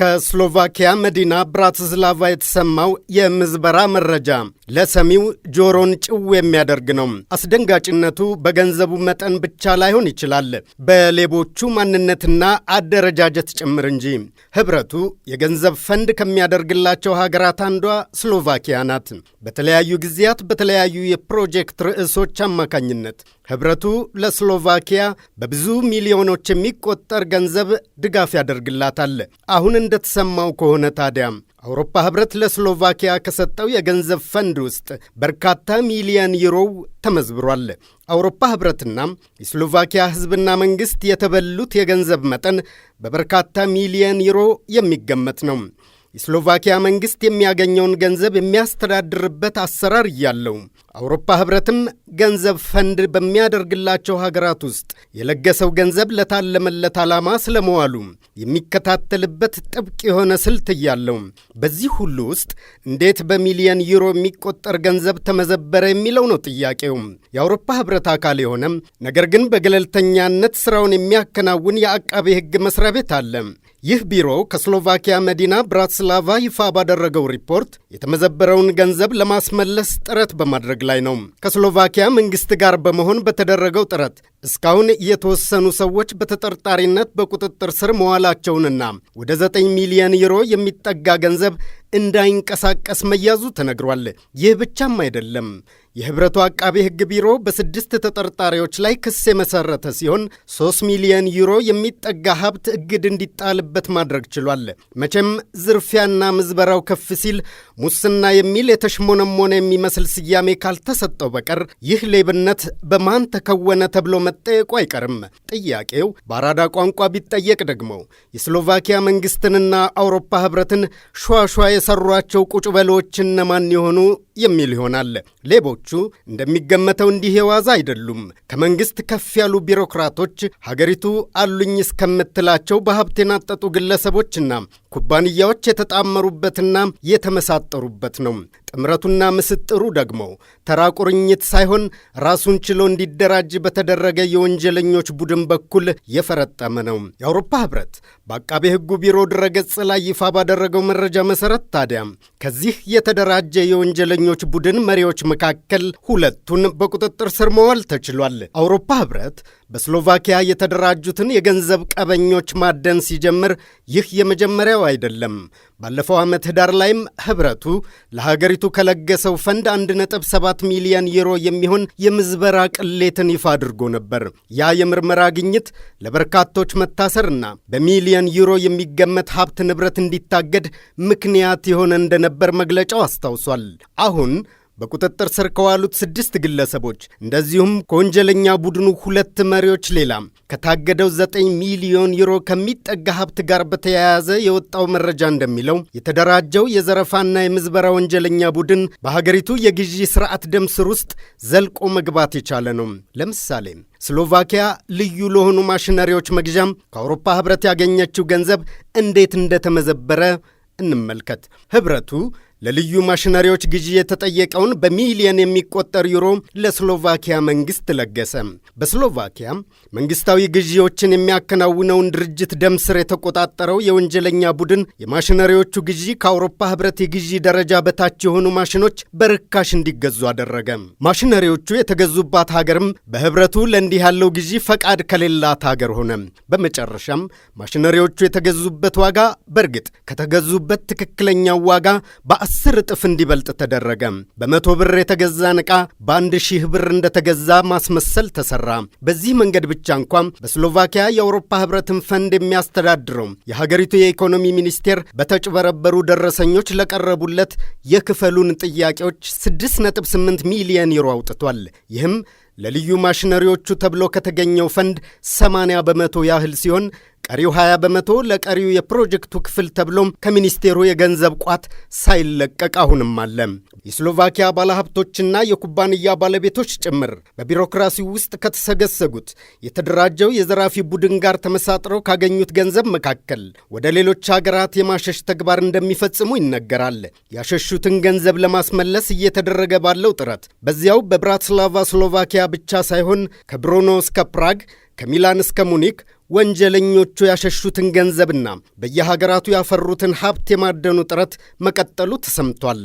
ከስሎቫኪያ መዲና ብራትስላቫ የተሰማው የምዝበራ መረጃ ለሰሚው ጆሮን ጭው የሚያደርግ ነው። አስደንጋጭነቱ በገንዘቡ መጠን ብቻ ላይሆን ይችላል፣ በሌቦቹ ማንነትና አደረጃጀት ጭምር እንጂ። ህብረቱ የገንዘብ ፈንድ ከሚያደርግላቸው ሀገራት አንዷ ስሎቫኪያ ናት። በተለያዩ ጊዜያት በተለያዩ የፕሮጀክት ርዕሶች አማካኝነት ህብረቱ ለስሎቫኪያ በብዙ ሚሊዮኖች የሚቆጠር ገንዘብ ድጋፍ ያደርግላታል። አሁን እንደተሰማው ከሆነ ታዲያ አውሮፓ ህብረት ለስሎቫኪያ ከሰጠው የገንዘብ ፈንድ ፖላንድ ውስጥ በርካታ ሚሊየን ዩሮው ተመዝብሯል። አውሮፓ ህብረትና የስሎቫኪያ ህዝብና መንግሥት የተበሉት የገንዘብ መጠን በበርካታ ሚሊየን ዩሮ የሚገመት ነው። የስሎቫኪያ መንግሥት የሚያገኘውን ገንዘብ የሚያስተዳድርበት አሰራር እያለው አውሮፓ ኅብረትም ገንዘብ ፈንድ በሚያደርግላቸው ሀገራት ውስጥ የለገሰው ገንዘብ ለታለመለት ዓላማ ስለመዋሉ የሚከታተልበት ጥብቅ የሆነ ስልት እያለው በዚህ ሁሉ ውስጥ እንዴት በሚሊየን ዩሮ የሚቆጠር ገንዘብ ተመዘበረ የሚለው ነው ጥያቄው። የአውሮፓ ኅብረት አካል የሆነም ነገር ግን በገለልተኛነት ስራውን የሚያከናውን የአቃቤ ሕግ መስሪያ ቤት አለ። ይህ ቢሮ ከስሎቫኪያ መዲና ብራትስላቫ ይፋ ባደረገው ሪፖርት የተመዘበረውን ገንዘብ ለማስመለስ ጥረት በማድረግ ላይ ነው። ከስሎቫኪያ መንግስት ጋር በመሆን በተደረገው ጥረት እስካሁን የተወሰኑ ሰዎች በተጠርጣሪነት በቁጥጥር ስር መዋላቸውንና ወደ 9 ሚሊዮን ዩሮ የሚጠጋ ገንዘብ እንዳይንቀሳቀስ መያዙ ተነግሯል። ይህ ብቻም አይደለም። የህብረቱ አቃቤ ሕግ ቢሮ በስድስት ተጠርጣሪዎች ላይ ክስ የመሰረተ ሲሆን 3 ሚሊዮን ዩሮ የሚጠጋ ሀብት እግድ እንዲጣልበት ማድረግ ችሏል። መቼም ዝርፊያና ምዝበራው ከፍ ሲል ሙስና የሚል የተሽሞነሞነ የሚመስል ስያሜ ካልተሰጠው በቀር ይህ ሌብነት በማን ተከወነ ተብሎ መጠየቁ አይቀርም። ጥያቄው በአራዳ ቋንቋ ቢጠየቅ ደግሞ የስሎቫኪያ መንግስትንና አውሮፓ ህብረትን ሸዋሸዋ የሰሯቸው ቁጭበሎች እነማን የሆኑ የሚል ይሆናል። ሌቦቹ እንደሚገመተው እንዲህ የዋዛ አይደሉም። ከመንግስት ከፍ ያሉ ቢሮክራቶች ሀገሪቱ አሉኝ እስከምትላቸው በሀብት የናጠጡ ግለሰቦችና ኩባንያዎች የተጣመሩበትና የተመሳጠሩበት ነው። ጥምረቱና ምስጥሩ ደግሞ ተራ ቁርኝት ሳይሆን ራሱን ችሎ እንዲደራጅ በተደረገ የወንጀለኞች ቡድን በኩል የፈረጠመ ነው። የአውሮፓ ህብረት በአቃቤ ህጉ ቢሮ ድረገጽ ላይ ይፋ ባደረገው መረጃ መሰረት ታዲያ ከዚህ የተደራጀ የወንጀለኞች ቡድን መሪዎች መካከል ሁለቱን በቁጥጥር ስር መዋል ተችሏል። አውሮፓ ህብረት በስሎቫኪያ የተደራጁትን የገንዘብ ቀበኞች ማደን ሲጀምር ይህ የመጀመሪያው አይደለም። ባለፈው ዓመት ህዳር ላይም ህብረቱ ለሀገሪቱ ከለገሰው ፈንድ 1.7 ሚሊዮን ዩሮ የሚሆን የምዝበራ ቅሌትን ይፋ አድርጎ ነበር። ያ የምርመራ ግኝት ለበርካቶች መታሰርና በሚሊዮን ዩሮ የሚገመት ሀብት ንብረት እንዲታገድ ምክንያት የሆነ እንደነበር እንደነበር መግለጫው አስታውሷል። አሁን በቁጥጥር ስር ከዋሉት ስድስት ግለሰቦች እንደዚሁም ከወንጀለኛ ቡድኑ ሁለት መሪዎች ሌላ ከታገደው ዘጠኝ ሚሊዮን ዩሮ ከሚጠጋ ሀብት ጋር በተያያዘ የወጣው መረጃ እንደሚለው የተደራጀው የዘረፋና የምዝበራ ወንጀለኛ ቡድን በሀገሪቱ የግዢ ስርዓት ደም ስር ውስጥ ዘልቆ መግባት የቻለ ነው። ለምሳሌ ስሎቫኪያ ልዩ ለሆኑ ማሽነሪዎች መግዣም ከአውሮፓ ህብረት ያገኘችው ገንዘብ እንዴት እንደተመዘበረ እንመልከት። ህብረቱ ለልዩ ማሽነሪዎች ግዢ የተጠየቀውን በሚሊየን የሚቆጠር ዩሮ ለስሎቫኪያ መንግስት ለገሰ። በስሎቫኪያ መንግስታዊ ግዢዎችን የሚያከናውነውን ድርጅት ደም ስር የተቆጣጠረው የወንጀለኛ ቡድን የማሽነሪዎቹ ግዢ ከአውሮፓ ህብረት የግዢ ደረጃ በታች የሆኑ ማሽኖች በርካሽ እንዲገዙ አደረገ። ማሽነሪዎቹ የተገዙባት ሀገርም በህብረቱ ለእንዲህ ያለው ግዢ ፈቃድ ከሌላት ሀገር ሆነ። በመጨረሻም ማሽነሪዎቹ የተገዙበት ዋጋ በእርግጥ ከተገዙበት ትክክለኛው ዋጋ በ አስር እጥፍ እንዲበልጥ ተደረገ። በመቶ ብር የተገዛን ዕቃ በአንድ ሺህ ብር እንደተገዛ ማስመሰል ተሰራ። በዚህ መንገድ ብቻ እንኳን በስሎቫኪያ የአውሮፓ ህብረትን ፈንድ የሚያስተዳድረው የሀገሪቱ የኢኮኖሚ ሚኒስቴር በተጭበረበሩ ደረሰኞች ለቀረቡለት የክፈሉን ጥያቄዎች 6.8 ሚሊየን ዩሮ አውጥቷል። ይህም ለልዩ ማሽነሪዎቹ ተብሎ ከተገኘው ፈንድ 80 በመቶ ያህል ሲሆን ቀሪው 20 በመቶ ለቀሪው የፕሮጀክቱ ክፍል ተብሎም ከሚኒስቴሩ የገንዘብ ቋት ሳይለቀቅ አሁንም አለ። የስሎቫኪያ ባለሀብቶችና የኩባንያ ባለቤቶች ጭምር በቢሮክራሲው ውስጥ ከተሰገሰጉት የተደራጀው የዘራፊ ቡድን ጋር ተመሳጥረው ካገኙት ገንዘብ መካከል ወደ ሌሎች ሀገራት የማሸሽ ተግባር እንደሚፈጽሙ ይነገራል። ያሸሹትን ገንዘብ ለማስመለስ እየተደረገ ባለው ጥረት በዚያው በብራትስላቫ ስሎቫኪያ ብቻ ሳይሆን ከብሮኖ እስከ ፕራግ ከሚላን እስከ ሙኒክ ወንጀለኞቹ ያሸሹትን ገንዘብና በየሀገራቱ ያፈሩትን ሀብት የማደኑ ጥረት መቀጠሉ ተሰምቷል።